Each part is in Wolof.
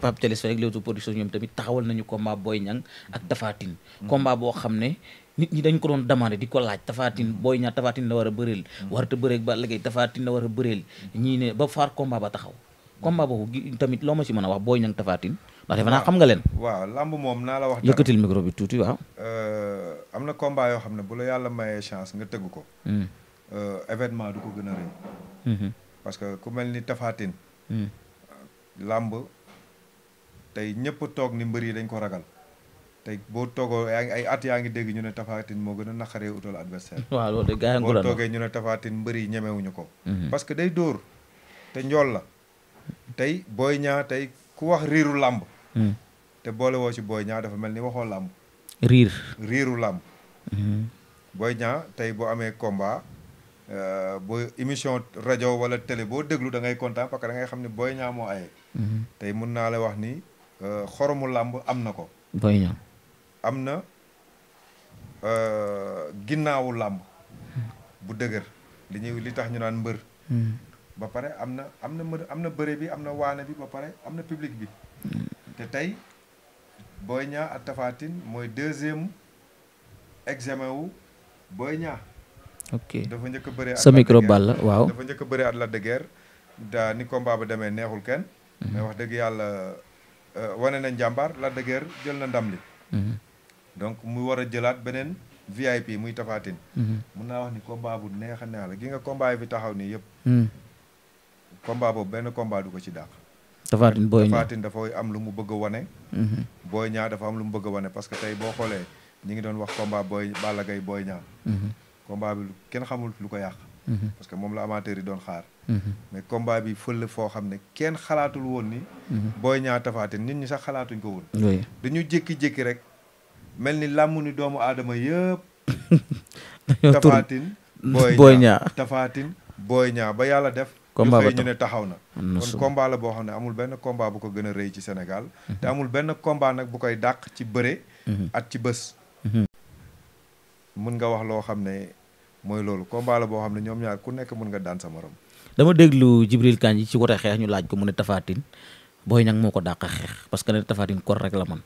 Pape Thialis Faye ak Leewtoo production ñoom tamit taxawal nañu combat Boy Niang ak Tapha Tine mm-hmm. boo xam ne nit ñi dañ ko doon demandé di ko laaj Tapha Tine mm-hmm. Boy Niang Tapha Tine la war a bëreel mm-hmm. warata bëreeg ba léegi Tapha Tine la war a bëreel ñii ne ba faar combat ba taxaw combat boobu tamit loo ma si mën a wax Boy Niang Tapha Tine ndax defe naa xam nga leen waaw lamb moom naa la wax yëkkatil micro bi tuuti waaw euh, am na combat yoo xam ne bu la yàlla mayee chance nga tëgg ko mm. euh, événement ko a rëy parce que ku mel ni Tapha Tine mm. lamb tey ñëpp toog ni mbër yi dañ ko ragal tey boo toogoo yaa ngi ay at yaa ngi dégg ñu ne Tapha moo gën a naqaree utal adversaire waaw loolu boo toogee ñu ne Tapha Tine mbër yi ñemewuñu ko mhm. parce que day dóor te njool la tey booy ñaa tey ku wax riiru làmb mhm. te boole woo ci Boy Niang dafa mel ni waxoo làmb riir riiru làmb mhm. booy Niang tey boo amee combat euh, boo émission rajo wala télé boo déglu da ngay kontaan parce que da ngay xam ne booy Niang moo aye tey mun naa la wax nii Euh, xoromu làmb am na ko. Boy Niang am na euh, ginnaawu làmb bu dëgër li ñuy li tax ñu naan mbër. Hmm. ba pare am na am na mbër na bëre bi am na waane bi ba pare am na public bi. Hmm. te tey booy Niang ak Tapha mooy deuxième examen wu Boy Niang. dafa njëkk a bëree. sa micro bal la njëkk a bëree at la de guerre daa ni ba demee neexul kenn. Hmm. mais wax dëgg yàlla. Euh, wane na njàmbaar la de jël na ndam li mhm. donc mu war a jëlaat beneen VIP muy tafaatin mhm. mun naa wax ni combat bu neex a neex la gi nga combat bi taxaw nii yëpp mhm. combat boobu benn combat du ko ci dàq tafaatin booy ñaa tafaatin am lu mu bëgg wane booy ñaa dafa am lu mu bëgg wane parce que tey boo xoolee ñu ngi doon wax combat booy Balla Gaye booy ñaa combat bi kenn xamul lu ko yàq Mhm. parce que moom la amateur yi doon xaar. Mhm. mais combat bi fël foo xam ne kenn xalaatul woon ni. booy ñaa tafaate nit ñi sax xalaatuñ ko woon. dañu jékki-jékki rek mel ni làmm ni doomu aadama yëpp. tafaatin booy ñaa tafaatin booy ñaa ba yàlla def. combat ba ñu ne taxaw na. kon combat la boo xam ne amul benn combat bu ko gën a rëy ci senegal mhm. te amul benn combat nag bu koy dàq ci bëre. at ci bës. mën nga wax loo xam ne. mooy loolu combat boo xam ne ñoom ñaar ku nekk mën nga daan sa morom. dama déglu Jibril Kandji ci côté xeex ñu laaj ko mu ne Tapha Tine Boy Niang moo ko dàq xeex parce que ne Tapha Tine rek la man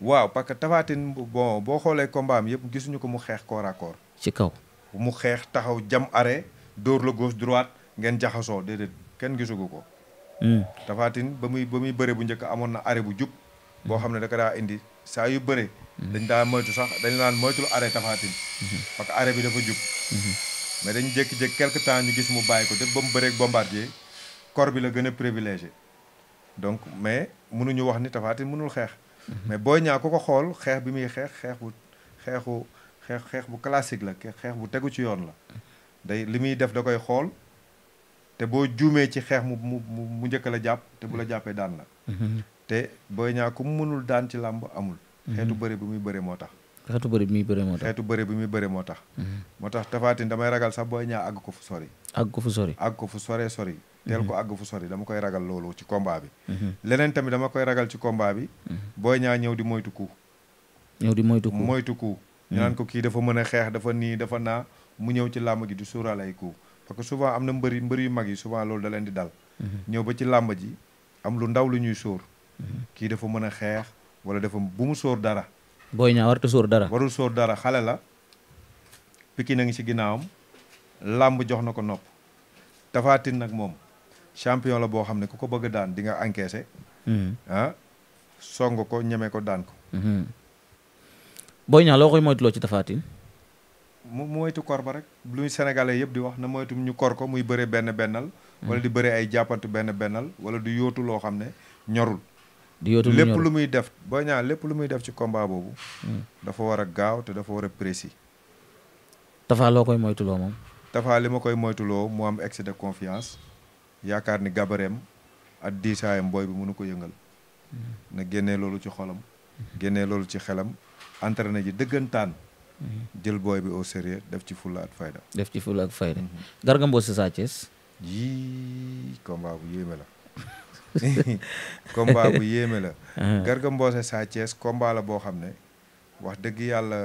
waaw parce que Tapha Tine bon boo xoolee kombaam yëpp gisuñu ko mu xeex corps à ci kaw mu xeex taxaw jam arrêt dóor la gauche droite ngeen jaxasoo déedéet kenn gisugu ko. Hmm. Tapha Tine ba muy ba muy bëre bu njëkk amoon na arrêt bu jub. boo xam ne da daa indi saa yu bëre. Hmm. dañ daa moytu sax dañ daan moytul arrêt Tapha Tine. Hmm. parce que arrêt bi dafa jub. Mm-hmm. mais dañ jékki-jékki quelque temps ñu gis mu bàyyi ko te ba mu bëreeg bombardier corps bi la gën a privilégié donc mais mënuñu wax ni Tapha Tine mënul xeex. Mm-hmm. mais Boy Niang ku ko xool xeex bi muy xeex xeex bu xeexu xeex xeex bu classique la xeex bu tegu ci yoon la day li muy def da koy xool te boo juumee ci xeex mu mu mu mu njëkk la jàpp te bu la jàppee daan la. Mm-hmm. te Boy Niang ku mu mënul daan ci làmb amul. xeetu bëre bi muy bëre moo tax. xeetu bëri bi muy bëre moo tax xeetu bëri bi muy bëre moo tax mm-hmm. moo tax Tapha damay ragal sax booy ñaa àgg ko fu sori àgg ko fu sori àgg ko fu sore sori mm-hmm. teel ko àgg fu sori dama koy ragal loolu ci combat bi mm-hmm. leneen tamit dama koy ragal ci kombaa bi booy ñaa ñëw di moytu ku ñëw di moytu ku moytu ku ñu naan ko kii dafa mën a xeex dafa nii dafa naa mu ñëw ci làmb ji du suuraal ay ku parce que souvent am na mbëri mbëri yu mag yi souvent loolu da di dal ñëw ba ci làmb ji am lu ndaw lu ñuy sóor kii dafa mën a xeex wala dafa bu mu sóor dara Boy ñaa warut a sóor dara. warul sóor dara xale la Pikine na ngi ci ginnaawam làmb jox na ko nopp tafaatin nag moom champion boo xam ne ku ko bëgg daan di nga encaissé. ah song ko ñeme ko daan ko. Hmm. Boy Niang loo koy moytuloo ci Tapha Tine. mu moytu kor ba rek lu Sénégalais yëpp di wax na moytu ñu kor ko muy bëre hmm. benn bennal. wala di bëre ay jàppantu benn bennal wala du yóotu loo xam ne ñorul. di yootu lépp lu muy def Boy Niang lépp lu muy def ci combat boobu. Hmm. dafa war a gaaw te dafa war a précis. Tapha loo koy moytuloo moom. Tapha li ma koy moytuloo mu am excès de confiance yaakaar ni gabareem ak diisaayam booy bi mënu ko yëngal. Hmm. na génnee loolu ci xolam. Hmm. génnee loolu ci xelam entraîné ji dëggantaan. jël booy bi au sérieux def ci fulla ak fayda. def ci fulla ak fayda. Garga Mbossé Sa Thiès. combat bu yéeme la. Uh-huh. Garga mboose Sa Thiès la boo xam ne wax dëgg yàlla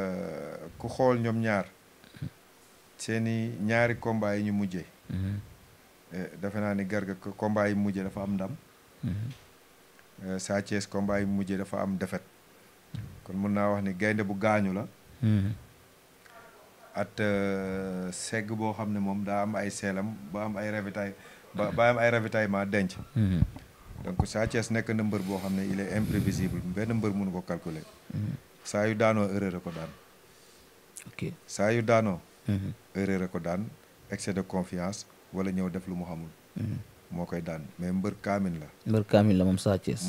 ku xool ñoom ñaar seeni ñaari komba yi ñu mujje uh-huh. eh, defe naa ni Garga combat yi mujjee dafa am ndam. Uh-huh. Eh, Sa Thiès combat yi mujjee dafa am defet kon mun naa wax ni gaynde bu gaañu la. at eh, segg boo xam ne moom daa am ay seelam ba am ay revitaay. ba bàyyam ay ravitaillement denc. Mhm. donc Sa nekk na mbër boo xam ne il est imprévisible benn mbër munu ko calculer. Mhm. saa yu daanoo erreur a ko daan. saa yu daanoo. Mhm. erreur a ko daan excès de confiance wala ñëw def lu mu xamul. moo koy daan mais mbër kaamin la. mbër kaamin la moom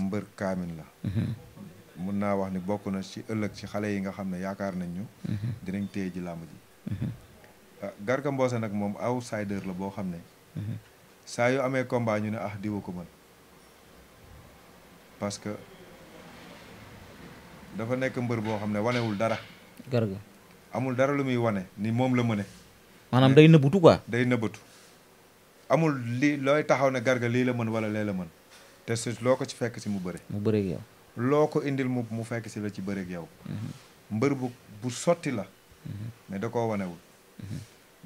mbër kaamin la. mun naa wax ni bokk na ci ëllëg ci xale yi nga xam ne yaakaar nañ ñu. dinañ téye ji làmb ji. Ah, Garga Mbossé nag moom outsider la boo xam ne. saa yu amee combat ñu ne ah diwu ko mën parce que dafa nekk mbër boo xam ne wanewul dara. Garga amul dara lu muy wane ni moom la mëne. maanaam day nëbbatu quoi. day nëbbatu amul li looy taxaw ne Garga lii la mën wala lee la mën te su loo ko ci fekk si mu bëre. mu bëre ak loo ko indil mu mu fekk si la ci bëre ak yow. Mhm. mbër bu sotti la. Mhm. mais da koo wanewul.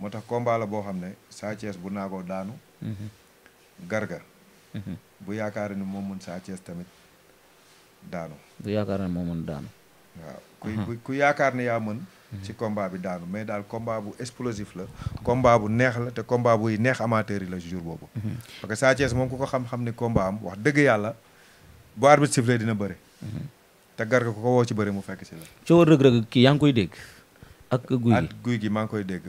moo tax combat la boo xam ne Sa bu naagoo daanu mhm. garga mhm. bu yaakaar ni moo mën Sa tamit daanu bu yaakaar na moo mën daanu waaw mhm. ku ku yaakaar ne yaa mën ci combat bi daanu mais daal combat bu explosif la combat bu neex la te combat buy neex amateur yi la jour boobu parce que Sa moom ku ko xam-xam ni combat am wax dëgg yàlla bu arbitre sifflé dina bëre te garga ku ko woo ci bëre mu fekk ci la coow rëg-rëg kii yaa ngi koy dégg ak guy guy gi maa ngi koy dégg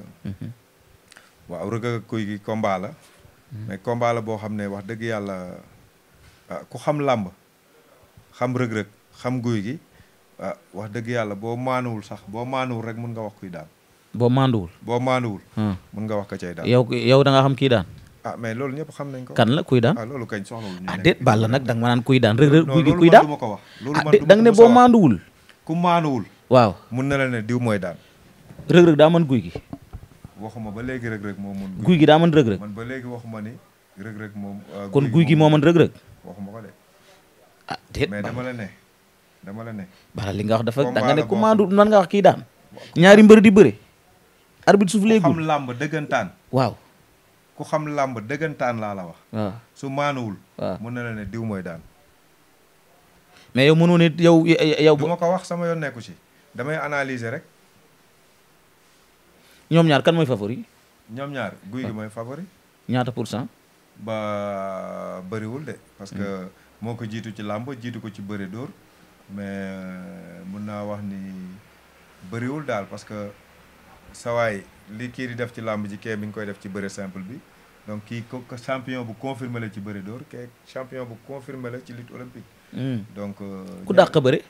waaw Reug Reug Gouye Gui combat la hmm. mais combat la boo xam ne wax dëgg yàlla ah, ku xam làmb xam Reug Reug xam Gouye Gui ah, wax dëgg yàlla boo maanuwul sax boo maanuwul rek mun nga wax kuy daan boo maanduwul boo maanduwul hmm. mun nga wax ka cay daan yow yow da nga xam kii daan ah mais loolu ñëpp xam nañ ko kan la kuy daan ah loolu kañ soxlawul ñu ah nag da nga ma naan kuy daan Reug Reug Gouye Gui ko wax loolu ah déet ne boo maanduwul ku maanuwul waaw mun na la ne mooy daan daa man Gouye Gui waxuma ba léegi rëg-rëg moo mën guy gi daa mën rëg-rëg man ba léegi waxuma ni rëg-rëg moom euh, kon guy gi moo mën rëg-rëg waxuma ko de ah déet mais la ne dama la ne bala li nga wax dafa da nga ne commande nan nga wax kii daan ñaari mbër di bëre arbitre suuf léegi xam làmb dëggantaan waaw ku xam làmb dëggantaan laa la wax su maanuwul waaw mun na la ne diw mooy daan mais yow mënoo ne yow yow du ma ko wax sama yoon nekku ci damay analyser rek ñoom ñaar kan mooy favori. ñoom ñaar guy gi ah. mooy favori. ñaata pour cent. ba bëriwul de. parce que hmm. moo ko jiitu ci làmb jiitu ko ci bëri dóor mais euh, mun naa wax ni bëriwul daal parce que sawaay li kii di def ci làmb ji kee mi ngi koy def ci bëri simple bi donc kii ko champion bu confirmé la ci bëri dóor kee champion bu confirmé la ci lutte olympique. Hmm. donc euh, ku dàq bëri.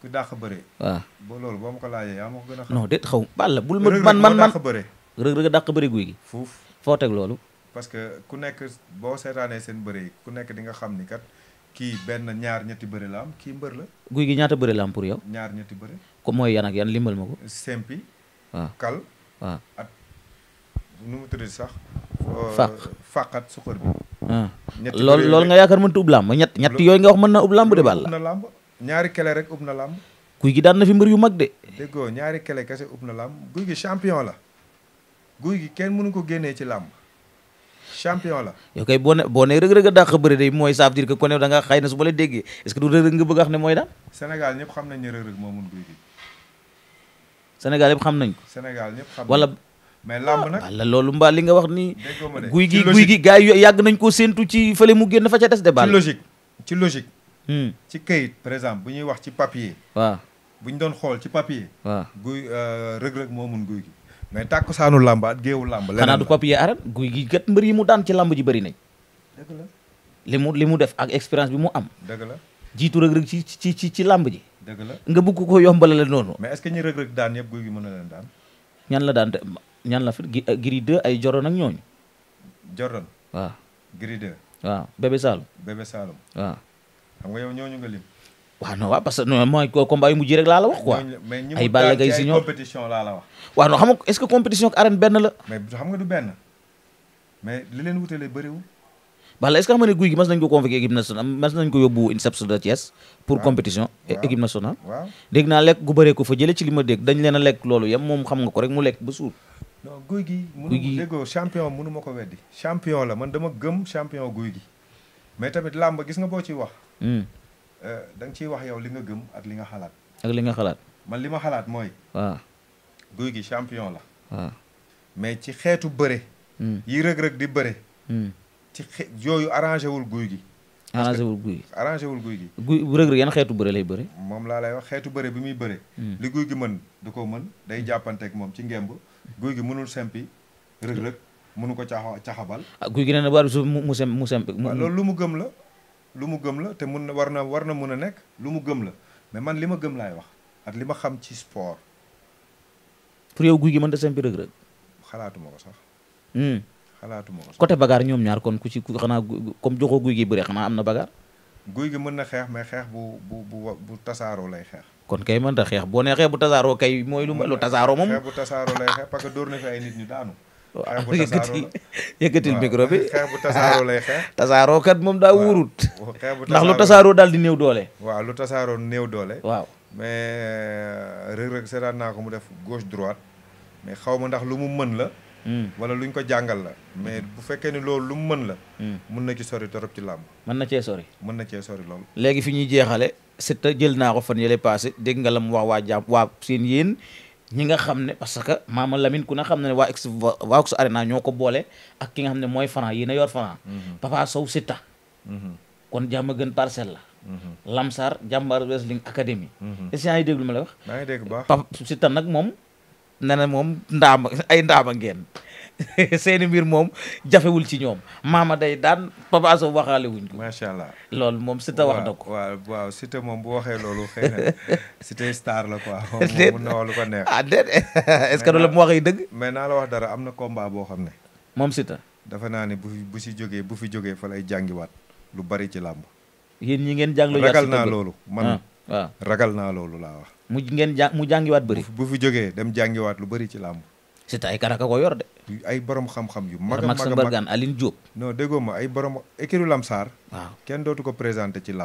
ku dàq bëre. waaw ba loolu boo ma ko laajee yaa ma ko gën a xam. xaw Balla bul ma man man man rëg rëg dàq bëre guy gi. fuuf foo teg loolu. parce que ku nekk boo seetaanee seen bëre ku nekk di nga xam ni kat kii benn ñaar ñetti bëre la kii mbër la. guy gi ñaata bëre la pour yow. ñaar ñetti bëre. ko mooy yan ak yan limbal ma ko. sempi. waaw kal. waaw at nu mu tudd sax. Euh, faq faqat suqar bi. Ah. ñetti loolu nga yaakaar mënut a ub ñett ñett yooyu nga wax mën na ub làmb de Balla. ñaari kele rek ub na lam guy gi daan na fi mbër yu mag de. déggoo ñaari kele kese ub na lam guy gi champion la guy gi kenn mënu ko génnee ci làmb champion la. yow kay boo ne boo nee rëg-rëg a dàq bëri de mooy ça veut dire que kon da nga na su ma la déggee est-ce que du rëg-rëg a wax ne mooy daan. Sénégal ñëpp xam nañ ne rëg Sénégal yëpp xam nañ ko. Sénégal ñëpp xam wala. mais lamb nag wala loolu mbaal li nga wax ni. guy gi guy gi gars yi yàgg nañ koo séentu ci fële mu génn fa ca des de. ci logique ci logique. Hmm. ci kayit par exemple bu ñuy wax ci papier. waaw bu ñu doon xool ci papier. waaw guy euh, rëg-rëg moo mun guy gi. mais tàkkusaanu làmb ak géewu làmb. leneen xanaa du papier arène guy gi kat mbër yi mu daan ci làmb ji bëri nañ. li mu li mu def ak expérience bi mu am. dëgg la jiitu rëg-rëg ci ci ci ci làmb ji. dëgg la nga bëgg ko yombalale noonu. mais est-ce que ñi rëg-rëg daan yëpp guy gi mën na leen daan. ñan la daan ñan la fit gi giri deux ay Jordan ak ñooñu. Jordan. waaw giri deux. waaw xam nga yow ñooñu nga lim. waaw non waaw parce que non mooy combat yu mujj rek laa la wax quoi. ay Balla xam nga est-ce que compétition ak arène benn la. mais li leen wutalee bëriwul. Balla est-ce que xam guy gi mas nañ ko convoqué équipe nationale mas nañ ko yóbbu INSEPS de Thiès. pour compétition équipe nationale. waaw dégg naa lekk gu bëree ko fa jëlee ci li ma dégg dañ leen a lekk loolu yem moom xam nga ko rek mu lekk ba suur. non guy gi. guy gi mënu déggoo champion mënu ma ko weddi. champion la man dama gëm champion guy gi mais tamit làmb gis nga boo ciy wax. Hmm. Euh, da nga ciy wax yow li nga gëm ak li nga xalaat. li nga xalaat. man li ma xalaat mooy. waaw guy gi champion la. mais ci xeetu bëre. Hmm. yi rëg-rëg di bëre. Hmm. ci xe yooyu arrangé guy gi. arrangé wul guy gi guy gi. guy rëg-rëg yan xeetu bëre lay bëre. moom laa lay wax xeetu bëre bi muy bëre. li guy gi mën du ko mën day jàppanteeg moom ci ngemb. guy gi mënul sempi rëg-rëg. mënu ko caaxa caxabal. ah guy gi nee na bu arbitre mu mu sem mu sem. loolu lu mu gëm la lu mu gëm la te mun na war na war na mun a nekk lu mu gëm la mais man li ma gëm laay wax ak li ma xam ci sport. pour yow guy gi mën da sempi Reug Reug. xalaatuma ko sax. Hmm. xalaatuma ko sax côté bagaar ñoom ñaar kon ku ci xanaa comme joxoo guy gi bëre xanaa am na bagaar. guy gi mën na xeex mais xeex bu bu bu bu tasaaroo lay xeex. kon kay mën ta xeex boo nee xeex bu tasaaroo kay mooy lu. lu tasaaroo moom xeex bu tasaaroo lay xeex parce que dóor na fi ay nit ñu daanu. waaw yëkkati yëkkatil micro bi xeex bu tasaaroo tasaaroo kat moom daa wóorut ndax lu tasaaroo daal di néew doole waaw lu tasaaroo néew doole waaw mais euh, rëg-rëg seetaan naa ko mu def gauche droite mais xaw ma ndax lu mu mën la hmm. wala luñ ko jàngal la mais hmm. bu fekkee ni loolu lu mu mën la hmm. mën na ci sori trop ci làmb mën na cee sori mën na cee sori loolu léegi fi ñuy jeexale Siteu jël naa ko fan yële passé dégg nga la mu wax waa jàpp waa seen yéen ñi nga xam ne parce que a Lamine ku ne xam ne waa ex waa ex arena ñoo ko boole ak ki nga xam ne mooy Franc yi na yor Franc. Mhm. Papa Sow Siteu. Mhm. kon jàmm gën parcelle mhm. Lamsar jàmbaar wrestling academy. est-ce déglu ma la wax. maa nag moom nee moom ndaama ay ndaama ngeen. seeni mbir moom jafewul ci ñoom maama day daan Papa Sow waxaale wuñ ko. macha allah loolu moom Siteu wax na ko. waaw waaw moom bu waxee loolu xëy na star la quoi. déet moom mun ah, est-ce que loolu mu waxee dëgg. mais naa la wax dara am na komba boo xam ne. moom Siteu. dafa naa ne bu bu si jógee bu fi jógee fa lay jàngiwaat lu bari ci làmb. yéen ñi ngeen jàng lu ragal naa loolu man. Ah, waaw ragal naa loolu laa wax. mu ngeen jàng mu jàngiwaat bëri. bu fi jógee dem jàngiwaat lu bëri ci làmb. c'est ay karaka ko yor de. ay borom xam-xam yu. mag a mag a mag Aline Diop. non déggoo ma ay borom écurie Lamsaar. waaw kenn dootu ko présenté ci làmb.